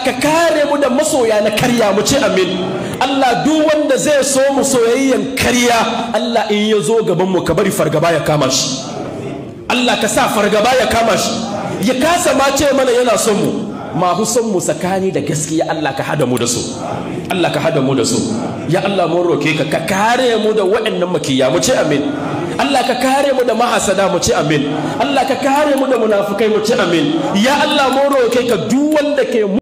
ka kare mu da masoya na karya mu ce amin Allah duk wanda zai so mu soyayyen karya Allah in ya zo gaban mu ka bari fargaba ya kama shi Allah ka sa fargaba ya kama shi ya kasa ma ce mana yana son mu masu son mu sakani da gaskiya Allah ka hada mu da su Allah ka hada mu da su ya Allah mun roke ka ka kare mu da waɗannan makiya mu ce amin Allah ka kare mu da mahasada mu ce amin Allah ka kare mu da munafukai mu ce amin ya Allah mun roke ka duk wanda ke